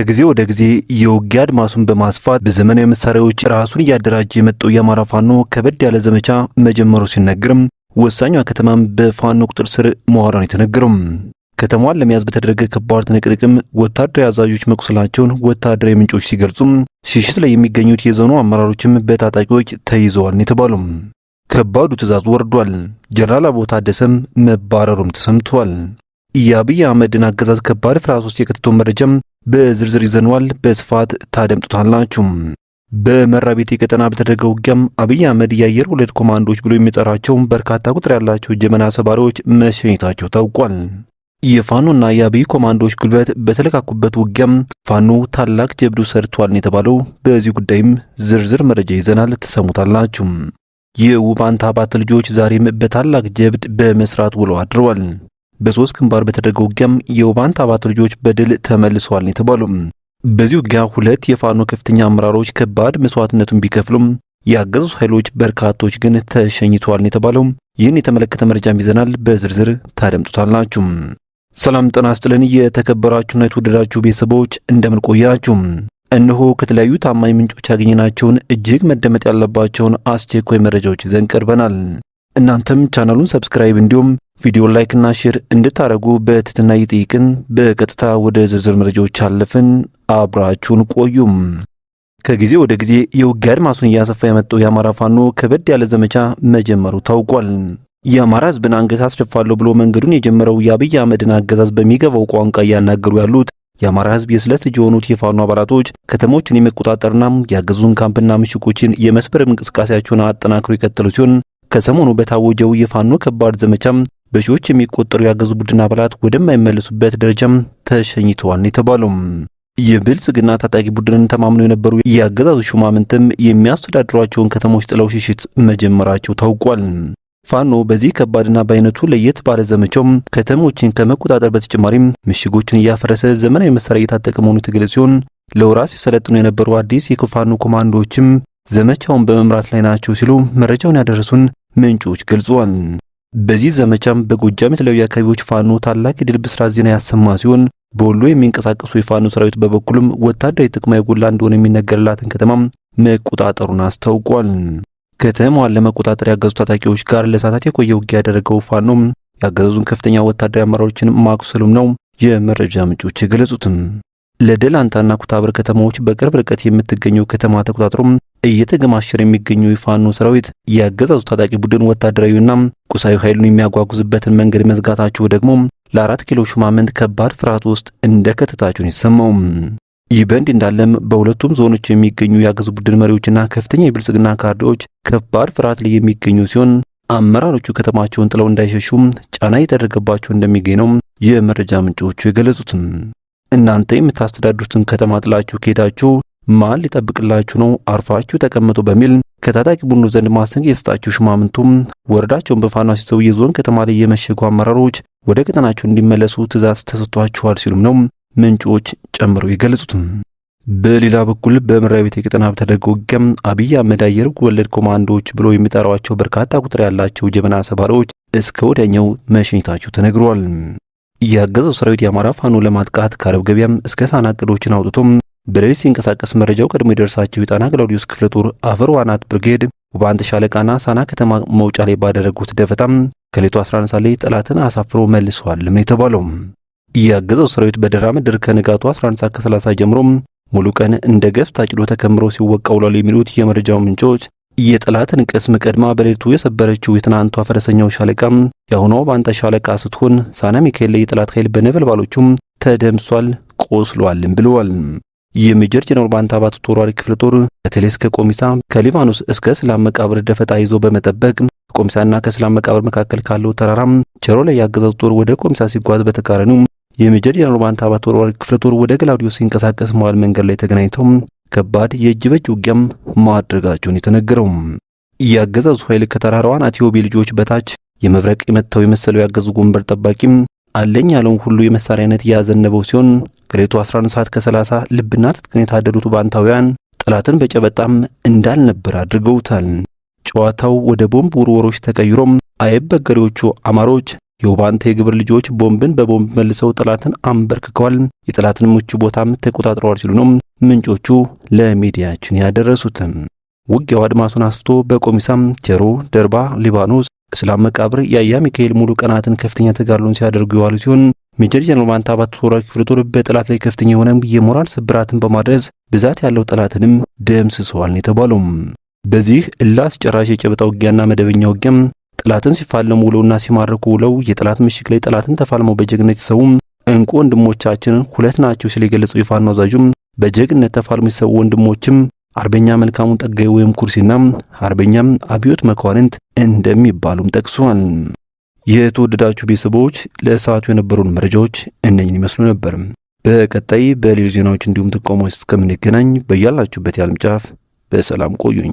ከጊዜ ወደ ጊዜ የውጊያ አድማሱን በማስፋት በዘመናዊ መሳሪያዎች ራሱን እያደራጀ የመጣው የአማራ ፋኖ ከበድ ያለ ዘመቻ መጀመሩ ሲነገርም ወሳኛ ከተማም በፋኖ ቁጥር ስር መዋሯን የተነገረም ከተማዋን ለመያዝ በተደረገ ከባድ ትንቅንቅም ወታደራዊ አዛዦች መቁሰላቸውን ወታደራዊ ምንጮች ሲገልጹም ሽሽት ላይ የሚገኙት የዞኑ አመራሮችም በታጣቂዎች ተይዘዋል የተባሉም ከባዱ ትዕዛዝ ወርዷል። ጀነራል አበባው ታደሰም መባረሩም ተሰምቷል። የአብይ አህመድን አገዛዝ ከባድ ፍርሃት ውስጥ መረጃም በዝርዝር ይዘነዋል። በስፋት ታደምጡታላችሁ። በመራቤቴ ቀጠና በተደረገ ውጊያም አብይ አህመድ የአየር ወለድ ኮማንዶች ብሎ የሚጠራቸው በርካታ ቁጥር ያላቸው ጀመና ሰባሪዎች መሸኘታቸው ታውቋል። የፋኖና የአብይ ኮማንዶዎች ጉልበት በተለካኩበት ውጊያም ፋኖ ታላቅ ጀብዱ ሰርቷል የተባለው በዚህ ጉዳይም ዝርዝር መረጃ ይዘናል፣ ትሰሙታላችሁ። የውባንታ አባት ልጆች ዛሬም በታላቅ ጀብድ በመስራት ውለው አድረዋል። በሶስት ግንባር በተደረገው ውጊያም የውባንት አባት ልጆች በድል ተመልሰዋል የተባሉ። በዚህ ውጊያ ሁለት የፋኖ ከፍተኛ አመራሮች ከባድ መስዋዕትነቱን ቢከፍሉም ያገዙ ኃይሎች በርካቶች ግን ተሸኝተዋል የተባለው። ይህን የተመለከተ መረጃም ይዘናል፣ በዝርዝር ታደምጡታላችሁ። ሰላም ጤና ይስጥልን። የተከበራችሁና የተወደዳችሁ ቤተሰቦች እንደምን ቆያችሁ? እነሆ ከተለያዩ ታማኝ ምንጮች ያገኘናቸውን እጅግ መደመጥ ያለባቸውን አስቸኳይ መረጃዎች ይዘን ቀርበናል። እናንተም ቻናሉን ሰብስክራይብ እንዲሁም ቪዲዮ ላይክና ሼር እንድታደርጉ በትህትና እየጠየቅን በቀጥታ ወደ ዝርዝር መረጃዎች አለፍን። አብራችሁን ቆዩም። ከጊዜ ወደ ጊዜ የውጊያ አድማሱን እያሰፋ የመጣው የአማራ ፋኖ ከበድ ያለ ዘመቻ መጀመሩ ታውቋል። የአማራ ሕዝብን አንገት አስደፋለሁ ብሎ መንገዱን የጀመረው የአብይ አህመድን አገዛዝ በሚገባው ቋንቋ እያናገሩ ያሉት የአማራ ሕዝብ የስለት ልጅ የሆኑት የፋኖ አባላቶች ከተሞችን የመቆጣጠርና የአገዙን ካምፕና ምሽጎችን የመስበር እንቅስቃሴያቸውን አጠናክሮ የቀጠሉ ሲሆን ከሰሞኑ በታወጀው የፋኖ ከባድ ዘመቻም በሺዎች የሚቆጠሩ ያገዙ ቡድን አባላት ወደማይመለሱበት ደረጃም ተሸኝተዋል የተባለው የብልጽግና ታጣቂ ቡድንን ተማምነው የነበሩ የአገዛዙ ሹማምንትም የሚያስተዳድሯቸውን ከተሞች ጥለው ሽሽት መጀመራቸው ታውቋል። ፋኖ በዚህ ከባድና በአይነቱ ለየት ባለ ዘመቻው ከተሞችን ከመቆጣጠር በተጨማሪም ምሽጎችን እያፈረሰ ዘመናዊ መሳሪያ እየታጠቀ መሆኑ የተገለጸ ሲሆን ለወራት ሲሰለጥኑ የነበሩ አዲስ የፋኖ ኮማንዶዎችም ዘመቻውን በመምራት ላይ ናቸው ሲሉ መረጃውን ያደረሱን ምንጮች ገልጿል። በዚህ ዘመቻም በጎጃም የተለያዩ አካባቢዎች ፋኖ ታላቅ የድል ብስራት ዜና ያሰማ ሲሆን በወሎ የሚንቀሳቀሱ የፋኖ ሰራዊት በበኩልም ወታደራዊ ጥቅማ የጎላ እንደሆነ የሚነገርላትን ከተማም መቆጣጠሩን አስታውቋል። ከተማዋን ለመቆጣጠር ያገዙ ታጣቂዎች ጋር ለሰዓታት የቆየ ውጊያ ያደረገው ፋኖም ያገዙን ከፍተኛ ወታደራዊ አመራሮችን ማቁሰሉም ነው የመረጃ ምንጮች የገለጹትም። ለደላንታና ኩታብር ከተማዎች በቅርብ ርቀት የምትገኘው ከተማ ተቆጣጥሮም እየተገማሸረ የሚገኘው የፋኖ ሰራዊት የአገዛዙ ታጣቂ ቡድን ወታደራዊና ቁሳዊ ኃይሉን የሚያጓጉዝበትን መንገድ መዝጋታቸው ደግሞ ለአራት ኪሎ ሹማምንት ከባድ ፍርሃት ውስጥ እንደከተታችሁን ይሰማው። ይህ በእንዲህ እንዳለም በሁለቱም ዞኖች የሚገኙ የአገዙ ቡድን መሪዎችና ከፍተኛ የብልጽግና ካድሬዎች ከባድ ፍርሃት ላይ የሚገኙ ሲሆን አመራሮቹ ከተማቸውን ጥለው እንዳይሸሹም ጫና እየተደረገባቸው እንደሚገኝ ነው የመረጃ ምንጮቹ የገለጹት። እናንተ የምታስተዳድሩትን ከተማ ጥላችሁ ከሄዳችሁ ማን ሊጠብቅላችሁ ነው? አርፋችሁ ተቀምጦ በሚል ከታጣቂ ቡድኑ ዘንድ ማስጠንቀቂያ የሰጣቸው ሽማምንቱም ወረዳቸውን በፋኖ ሲሰው የዞን ከተማ ላይ የመሸጉ አመራሮች ወደ ቀጠናቸው እንዲመለሱ ትእዛዝ ተሰጥቷቸዋል ሲሉም ነው ምንጮች ጨምረው የገለጹት። በሌላ በኩል በመራ ቤት የቀጠና በተደረገው ውጊያም አብይ አህመድ አየር ወለድ ኮማንዶዎች ብሎ የሚጠሯቸው በርካታ ቁጥር ያላቸው ጀበና ሰባሪዎች እስከ ወዲያኛው መሸኘታቸው ተነግሯል። ያገዘው ሰራዊት የአማራ ፋኖ ለማጥቃት ከአረብ ገበያም እስከ ሳና እቅዶችን አውጥቶም በሌሊት ሲንቀሳቀስ መረጃው ቀድሞ የደርሳቸው የጣና ግላውዲዮስ ክፍለ ጦር አፈር ዋናት ብርጌድ ውባንት ሻለቃና ሳና ከተማ መውጫ ላይ ባደረጉት ደፈጣም ከሌቱ 11 ሰዓት ላይ ጠላትን አሳፍሮ መልሰዋል። ምን የተባለው ያገዘው ሰራዊት በደራ ምድር ከንጋቱ 11 ሰዓት ከ30 ጀምሮ ሙሉ ቀን እንደ ገፍ ታጭዶ ተከምሮ ሲወቃ ውሏል የሚሉት የመረጃው ምንጮች የጠላትን ቅስም ቀድማ በሌቱ የሰበረችው የትናንቷ ፈረሰኛው ሻለቃ የአሁኗ ውባንት ሻለቃ ስትሆን ሳና ሚካኤል ላይ የጠላት ኃይል በነበልባሎቹም ተደምሷል፣ ቆስሏልም ብለዋል። የሜጀር ጀነራል ባንታባት ተወርዋሪ ክፍለ ጦር በተለይ እስከ ቆሚሳ ከሊባኖስ እስከ ሰላም መቃብር ደፈጣ ይዞ በመጠበቅ ቆሚሳና ከሰላም መቃብር መካከል ካለው ተራራም ቸሮ ላይ ያገዛዙ ጦር ወደ ቆሚሳ ሲጓዝ በተቃራኒው የሜጀር ጀነራል ባንታባት ተወርዋሪ ክፍለ ጦር ወደ ገላውዲዮስ ሲንቀሳቀስ መዋል መንገድ ላይ ተገናኝተው ከባድ የእጅ በእጅ ውጊያም ማድረጋቸውን የተነገረው ያገዛዙ ኃይል ከተራራዋን አትዮቢ ልጆች በታች የመብረቅ የመታው የመሰለው ያገዙ ወንበር ጠባቂም አለኝ ያለውን ሁሉ የመሳሪያ አይነት ያዘነበው ሲሆን ከሌቱ 11 ሰዓት ከ30 ልብና ትጥቅን የታደሉት ባንታውያን ጠላትን በጨበጣም እንዳልነበር አድርገውታል። ጨዋታው ወደ ቦምብ ውርወሮች ተቀይሮም አይበገሬዎቹ አማሮች የውባንተ የግብር ልጆች ቦምብን በቦምብ መልሰው ጠላትን አንበርክከዋል፣ የጠላትን ምቹ ቦታም ተቆጣጥረዋል ሲሉ ነው ምንጮቹ ለሚዲያችን ያደረሱትም። ውጊያው አድማሱን አስፍቶ በቆሚሳም፣ ቴሮ፣ ደርባ፣ ሊባኖስ፣ እስላም መቃብር፣ ያያ ሚካኤል ሙሉ ቀናትን ከፍተኛ ተጋድሎን ሲያደርጉ የዋሉ ሲሆን ሜጀር ጀነራል ማንታ አባት ክፍለ ጦር በጠላት ላይ ከፍተኛ የሆነ የሞራል ስብራትን በማድረስ ብዛት ያለው ጠላትንም ደምስሰዋል ነው የተባለው። በዚህ እላስ ጨራሽ የጨበጣ ውጊያና መደበኛ ውጊያም ጠላትን ሲፋለሙ ውለውና ሲማረኩ ውለው የጠላት ምሽግ ላይ ጠላትን ተፋልመው በጀግነት ሲሰዉ እንቁ ወንድሞቻችን ሁለት ናቸው ሲል የገለጸው የፋኖ አዛዡም በጀግነት ተፋልሞ ሲሰዉ ወንድሞችም አርበኛ መልካሙን ጠጋይ ወይም ኩርሲና አርበኛም አብዮት መኳንንት እንደሚባሉም ጠቅሷል። የተወደዳችሁ ቤተሰቦች ለሰዓቱ የነበሩን መረጃዎች እነኝን ይመስሉ ነበር። በቀጣይ በሌሎች ዜናዎች እንዲሁም ጥቆማዎች እስከምንገናኝ በያላችሁበት የዓለም ጫፍ በሰላም ቆዩኝ።